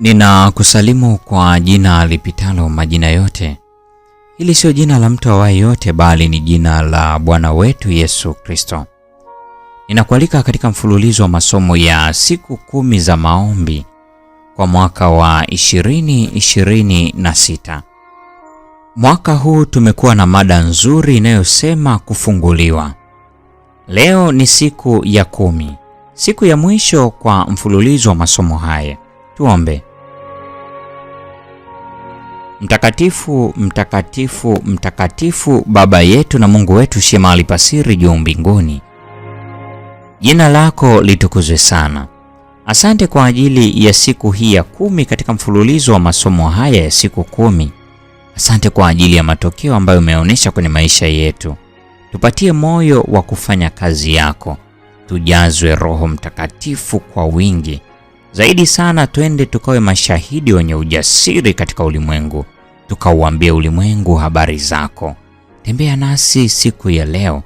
Ninakusalimu kwa jina lipitalo majina yote. Hili sio jina la mtu awaye yote, bali ni jina la Bwana wetu Yesu Kristo. Ninakualika katika mfululizo wa masomo ya siku kumi za maombi kwa mwaka wa 2026. Mwaka huu tumekuwa na mada nzuri inayosema kufunguliwa. Leo ni siku ya kumi, siku ya mwisho kwa mfululizo wa masomo haya. Tuombe. Mtakatifu, mtakatifu, mtakatifu, Baba yetu na Mungu wetu usiye mahali pa siri juu mbinguni, jina lako litukuzwe sana. Asante kwa ajili ya siku hii ya kumi katika mfululizo wa masomo haya ya siku kumi. Asante kwa ajili ya matokeo ambayo umeonyesha kwenye maisha yetu. Tupatie moyo wa kufanya kazi yako, tujazwe Roho Mtakatifu kwa wingi zaidi sana twende tukawe mashahidi wenye ujasiri katika ulimwengu, tukauambie ulimwengu habari zako. Tembea nasi siku ya leo,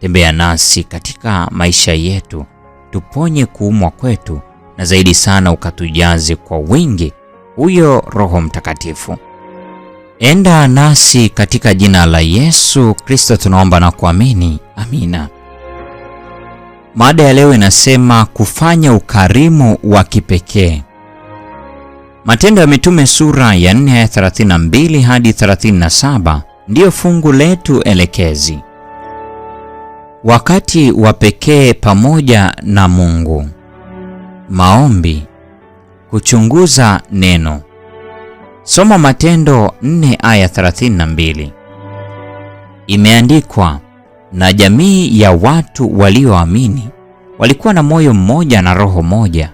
tembea nasi katika maisha yetu, tuponye kuumwa kwetu, na zaidi sana ukatujaze kwa wingi huyo Roho Mtakatifu. Enda nasi katika jina la Yesu Kristo tunaomba na kuamini, amina. Mada ya leo inasema kufanya ukarimu wa kipekee. Matendo ya Mitume sura ya 4 ya 32 hadi 37 ndiyo fungu letu elekezi. Wakati wa pekee pamoja na Mungu. Maombi, kuchunguza neno. Soma Matendo 4 aya 32. Imeandikwa, na jamii ya watu walioamini walikuwa na moyo mmoja na roho moja,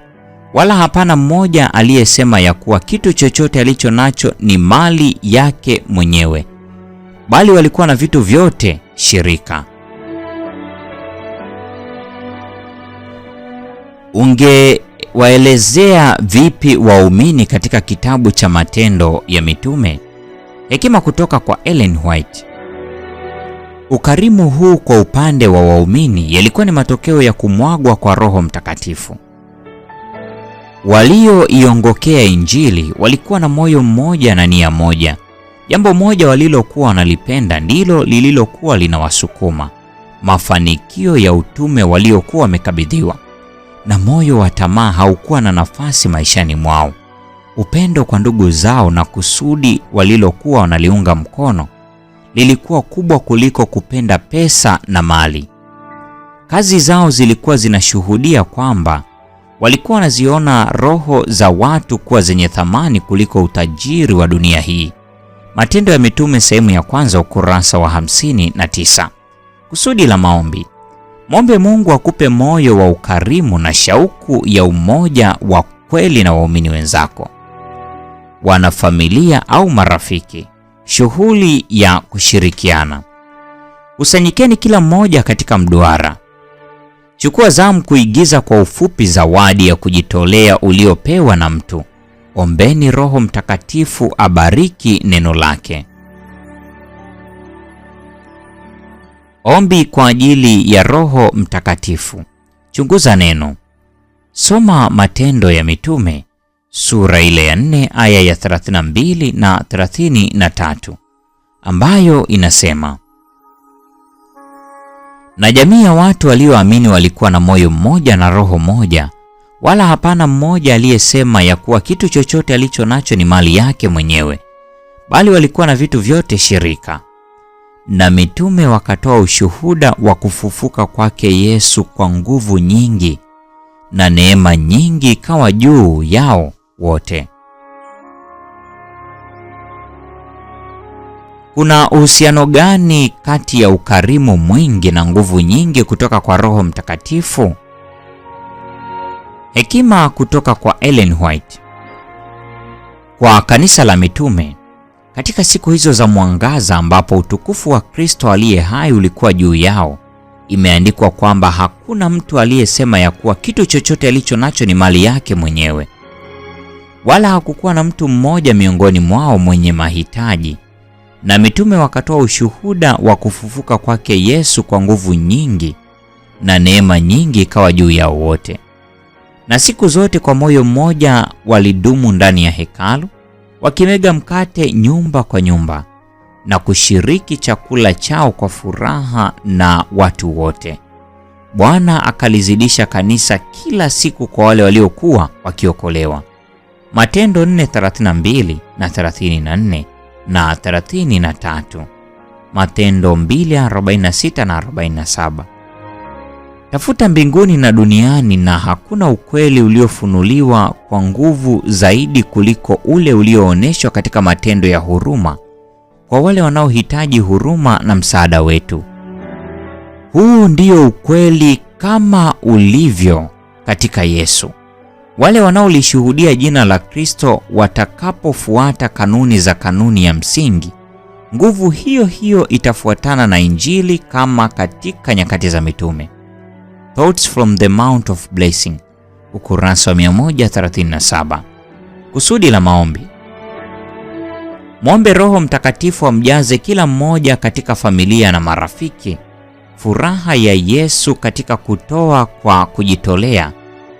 wala hapana mmoja aliyesema ya kuwa kitu chochote alicho nacho ni mali yake mwenyewe, bali walikuwa na vitu vyote shirika. Ungewaelezea vipi waumini katika kitabu cha Matendo ya Mitume? Hekima kutoka kwa Ellen White. Ukarimu huu kwa upande wa waumini yalikuwa ni matokeo ya kumwagwa kwa Roho Mtakatifu. Walioiongokea Injili walikuwa na moyo mmoja na nia moja. Jambo moja walilokuwa wanalipenda ndilo lililokuwa linawasukuma, mafanikio ya utume waliokuwa wamekabidhiwa, na moyo wa tamaa haukuwa na nafasi maishani mwao. Upendo kwa ndugu zao na kusudi walilokuwa wanaliunga mkono lilikuwa kubwa kuliko kupenda pesa na mali. Kazi zao zilikuwa zinashuhudia kwamba walikuwa wanaziona roho za watu kuwa zenye thamani kuliko utajiri wa dunia hii. Matendo ya Mitume sehemu ya kwanza ukurasa wa 59. Kusudi la maombi. Mwombe Mungu akupe moyo wa ukarimu na shauku ya umoja wa kweli na waumini wenzako, wanafamilia au marafiki. Shughuli ya kushirikiana. Kusanyikeni kila mmoja katika mduara. Chukua zamu kuigiza kwa ufupi zawadi ya kujitolea uliopewa na mtu. Ombeni Roho Mtakatifu abariki neno lake. Ombi kwa ajili ya Roho Mtakatifu. Chunguza neno. Soma Matendo ya Mitume sura ile ya 4 aya ya 32 na 33 ambayo inasema, na jamii ya watu walioamini walikuwa na moyo mmoja na roho moja, wala hapana mmoja aliyesema ya kuwa kitu chochote alicho nacho ni mali yake mwenyewe, bali walikuwa na vitu vyote shirika. Na mitume wakatoa ushuhuda wa kufufuka kwake Yesu kwa nguvu nyingi, na neema nyingi ikawa juu yao wote. Kuna uhusiano gani kati ya ukarimu mwingi na nguvu nyingi kutoka kwa Roho Mtakatifu? Hekima kutoka kwa Ellen White. Kwa kanisa la mitume katika siku hizo za mwangaza ambapo utukufu wa Kristo aliye hai ulikuwa juu yao, imeandikwa kwamba hakuna mtu aliyesema ya kuwa kitu chochote alicho nacho ni mali yake mwenyewe, wala hakukuwa na mtu mmoja miongoni mwao mwenye mahitaji. Na mitume wakatoa ushuhuda wa kufufuka kwake Yesu kwa nguvu nyingi, na neema nyingi ikawa juu yao wote. Na siku zote kwa moyo mmoja walidumu ndani ya hekalu, wakimega mkate nyumba kwa nyumba, na kushiriki chakula chao kwa furaha na watu wote. Bwana akalizidisha kanisa kila siku kwa wale waliokuwa wakiokolewa. Matendo 4:32 na 34 na 33, Na na Matendo 2:46 na 47. Tafuta mbinguni na duniani na hakuna ukweli uliofunuliwa kwa nguvu zaidi kuliko ule ulioonyeshwa katika matendo ya huruma kwa wale wanaohitaji huruma na msaada wetu. Huu ndio ukweli kama ulivyo katika Yesu. Wale wanaolishuhudia jina la Kristo watakapofuata kanuni za kanuni ya msingi, nguvu hiyo hiyo itafuatana na Injili kama katika nyakati za mitume. Thoughts from the Mount of Blessing, ukurasa wa 137. Kusudi la maombi. Mwombe Roho Mtakatifu amjaze kila mmoja katika familia na marafiki furaha ya Yesu katika kutoa kwa kujitolea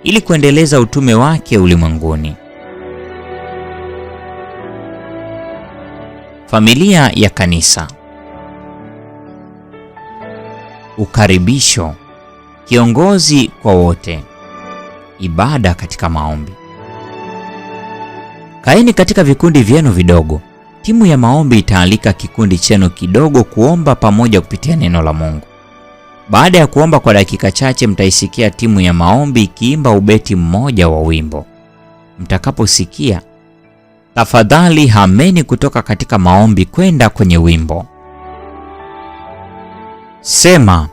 ili kuendeleza utume wake ulimwenguni. Familia ya Kanisa. Ukaribisho, kiongozi kwa wote, ibada katika maombi. Kaeni katika vikundi vyenu vidogo. Timu ya maombi itaalika kikundi chenu kidogo kuomba pamoja kupitia neno la Mungu. Baada ya kuomba kwa dakika chache, mtaisikia timu ya maombi ikiimba ubeti mmoja wa wimbo. Mtakaposikia, tafadhali hameni kutoka katika maombi kwenda kwenye wimbo. Sema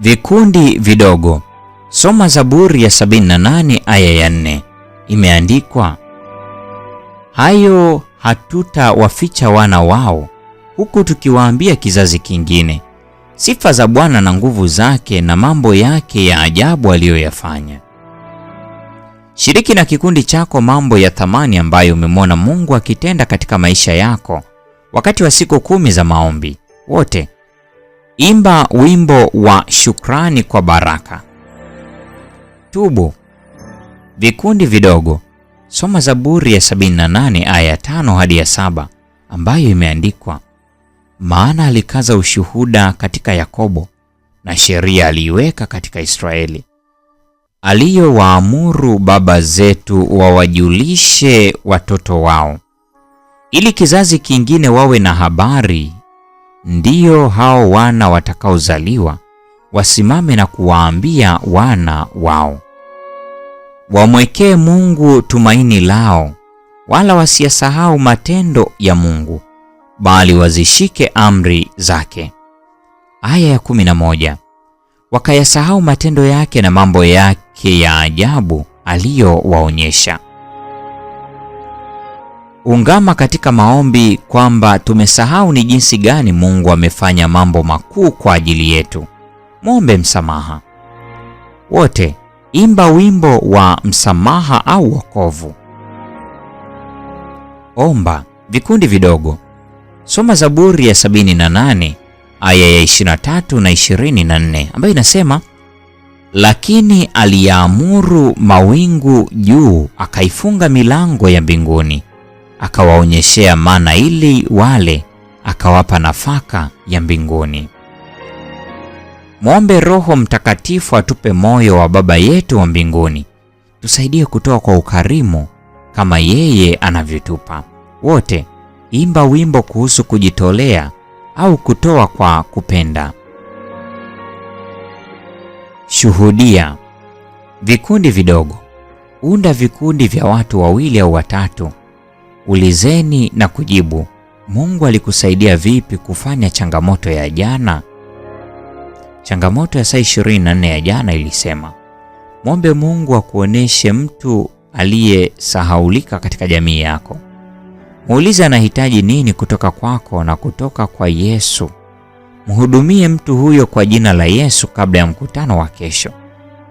vikundi vidogo. Soma Zaburi ya 78 aya ya 4. Imeandikwa, hayo hatutawaficha wana wao, huku tukiwaambia kizazi kingine sifa za Bwana na nguvu zake na mambo yake ya ajabu aliyoyafanya. Shiriki na kikundi chako mambo ya thamani ambayo umemwona Mungu akitenda katika maisha yako wakati wa siku kumi za maombi. Wote imba wimbo wa shukrani kwa baraka. Tubu. Vikundi vidogo. Soma Zaburi ya 78 aya ya 5 hadi ya 7 ambayo imeandikwa maana alikaza ushuhuda katika Yakobo na sheria aliiweka katika Israeli, aliyowaamuru baba zetu wawajulishe watoto wao, ili kizazi kingine wawe na habari, ndiyo hao wana watakaozaliwa wasimame na kuwaambia wana wao, wamwekee Mungu tumaini lao, wala wasiyasahau matendo ya Mungu bali wazishike amri zake. Aya ya kumi na moja wakayasahau matendo yake na mambo yake ya ajabu aliyowaonyesha. Ungama katika maombi kwamba tumesahau ni jinsi gani Mungu amefanya mambo makuu kwa ajili yetu. Mwombe msamaha. Wote imba wimbo wa msamaha au wokovu. Omba vikundi vidogo Soma Zaburi ya 78 aya ya 23 na 24 ambayo inasema, lakini aliyaamuru mawingu juu, akaifunga milango ya mbinguni, akawaonyeshea mana ili wale, akawapa nafaka ya mbinguni. Mwombe Roho Mtakatifu atupe moyo wa Baba yetu wa mbinguni, tusaidie kutoa kwa ukarimu kama yeye anavyotupa. Wote imba wimbo kuhusu kujitolea au kutoa kwa kupenda. Shuhudia vikundi vidogo. Unda vikundi vya watu wawili au watatu. Ulizeni na kujibu, Mungu alikusaidia vipi kufanya changamoto ya jana? Changamoto ya saa 24 ya jana ilisema, mwombe Mungu akuoneshe mtu aliyesahaulika katika jamii yako muulize anahitaji nini kutoka kwako na kutoka kwa Yesu. Mhudumie mtu huyo kwa jina la Yesu kabla ya mkutano wa kesho.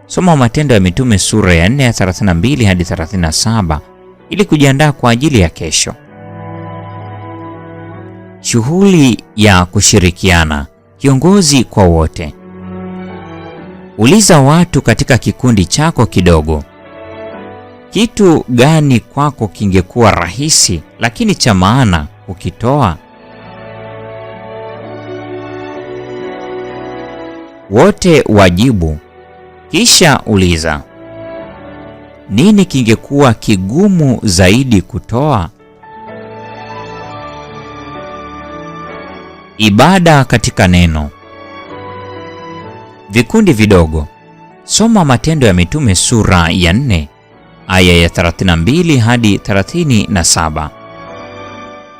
Soma Matendo ya Mitume sura ya 4 ya 32 hadi 37 ili kujiandaa kwa ajili ya kesho. Shughuli ya kushirikiana, kiongozi kwa wote. Uliza watu katika kikundi chako kidogo kitu gani kwako kingekuwa rahisi lakini cha maana kukitoa? Wote wajibu, kisha uliza, nini kingekuwa kigumu zaidi kutoa? Ibada katika neno. Vikundi vidogo. Soma Matendo ya Mitume sura ya nne aya ya 32 hadi 37.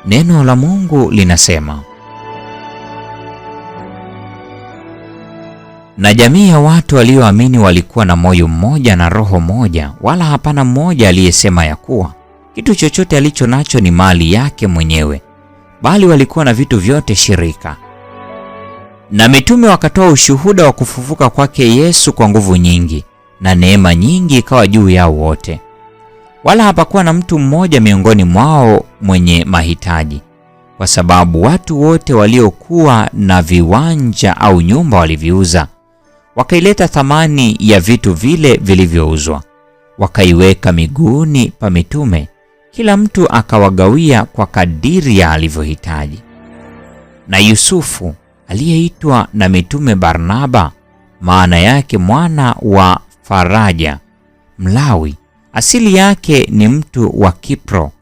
Neno la Mungu linasema, na jamii ya watu walioamini walikuwa na moyo mmoja na roho moja, wala hapana mmoja aliyesema ya kuwa kitu chochote alicho nacho ni mali yake mwenyewe, bali walikuwa na vitu vyote shirika. Na mitume wakatoa ushuhuda wa kufufuka kwake Yesu kwa nguvu nyingi, na neema nyingi ikawa juu yao wote, wala hapakuwa na mtu mmoja miongoni mwao mwenye mahitaji, kwa sababu watu wote waliokuwa na viwanja au nyumba waliviuza, wakaileta thamani ya vitu vile vilivyouzwa, wakaiweka miguuni pa mitume, kila mtu akawagawia kwa kadiri ya alivyohitaji. Na Yusufu aliyeitwa na mitume Barnaba, maana yake mwana wa Faraja Mlawi, asili yake ni mtu wa Kipro.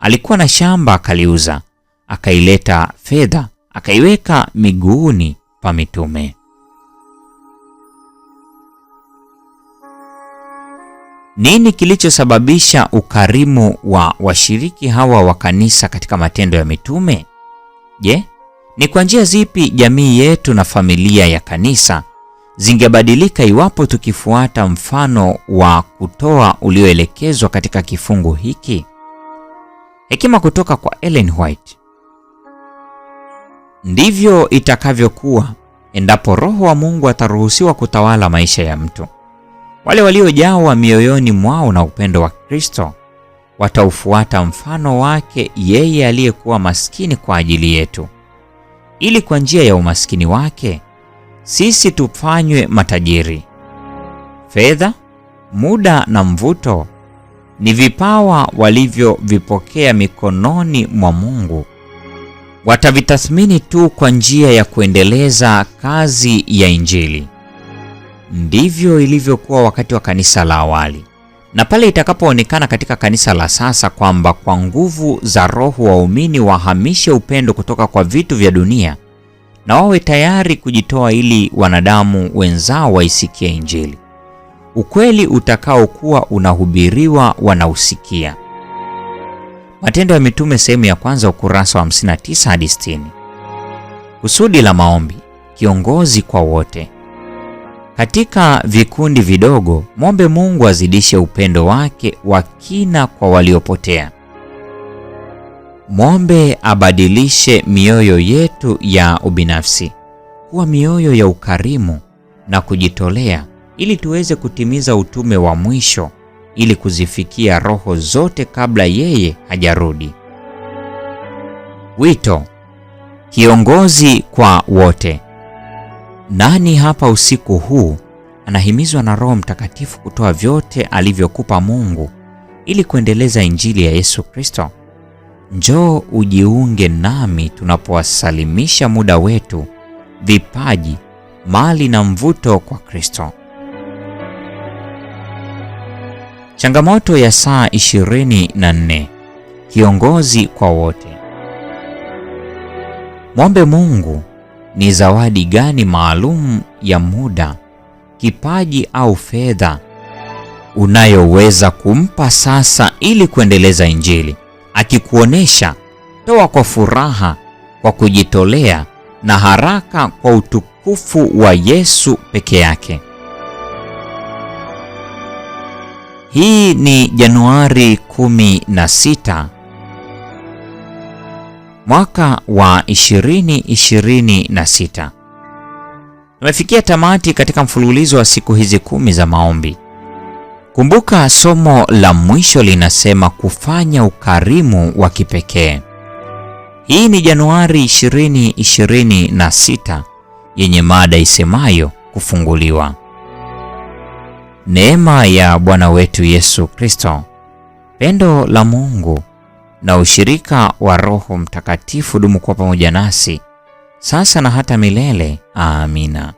Alikuwa na shamba akaliuza, akaileta fedha akaiweka miguuni pa mitume. Nini kilichosababisha ukarimu wa washiriki hawa wa kanisa katika matendo ya mitume? Je, ni kwa njia zipi jamii yetu na familia ya kanisa zingebadilika iwapo tukifuata mfano wa kutoa ulioelekezwa katika kifungu hiki? Hekima kutoka kwa Ellen White: ndivyo itakavyokuwa endapo Roho wa Mungu ataruhusiwa kutawala maisha ya mtu. Wale waliojawa mioyoni mwao na upendo wa Kristo wataufuata mfano wake yeye aliyekuwa maskini kwa ajili yetu, ili kwa njia ya umaskini wake sisi tufanywe matajiri. Fedha, muda na mvuto ni vipawa walivyovipokea mikononi mwa Mungu. Watavitathmini tu kwa njia ya kuendeleza kazi ya Injili. Ndivyo ilivyokuwa wakati wa kanisa la awali, na pale itakapoonekana katika kanisa la sasa kwamba kwa nguvu za Roho waumini wahamishe upendo kutoka kwa vitu vya dunia na wawe tayari kujitoa ili wanadamu wenzao waisikie Injili. Ukweli utakaokuwa unahubiriwa wanausikia. Matendo ya Mitume sehemu ya kwanza ukurasa wa 59 hadi 60. Kusudi la maombi: kiongozi kwa wote. Katika vikundi vidogo, mwombe Mungu azidishe upendo wake wa kina kwa waliopotea. Mwombe abadilishe mioyo yetu ya ubinafsi kuwa mioyo ya ukarimu na kujitolea ili tuweze kutimiza utume wa mwisho ili kuzifikia roho zote kabla yeye hajarudi. Wito: kiongozi kwa wote. Nani hapa usiku huu anahimizwa na Roho Mtakatifu kutoa vyote alivyokupa Mungu ili kuendeleza Injili ya Yesu Kristo? Njoo ujiunge nami tunapowasalimisha muda wetu, vipaji, mali na mvuto kwa Kristo. Changamoto ya saa 24: kiongozi kwa wote. Mwombe Mungu ni zawadi gani maalum ya muda, kipaji au fedha unayoweza kumpa sasa ili kuendeleza Injili akikuonesha, toa kwa furaha, kwa kujitolea na haraka kwa utukufu wa Yesu peke yake. Hii ni Januari 16 mwaka wa 2026. Tumefikia tamati katika mfululizo wa siku hizi kumi za maombi. Kumbuka somo la mwisho linasema kufanya ukarimu wa kipekee. Hii ni Januari 2026 yenye mada isemayo kufunguliwa. Neema ya Bwana wetu Yesu Kristo, pendo la Mungu na ushirika wa Roho Mtakatifu dumu kuwa pamoja nasi sasa na hata milele. Amina.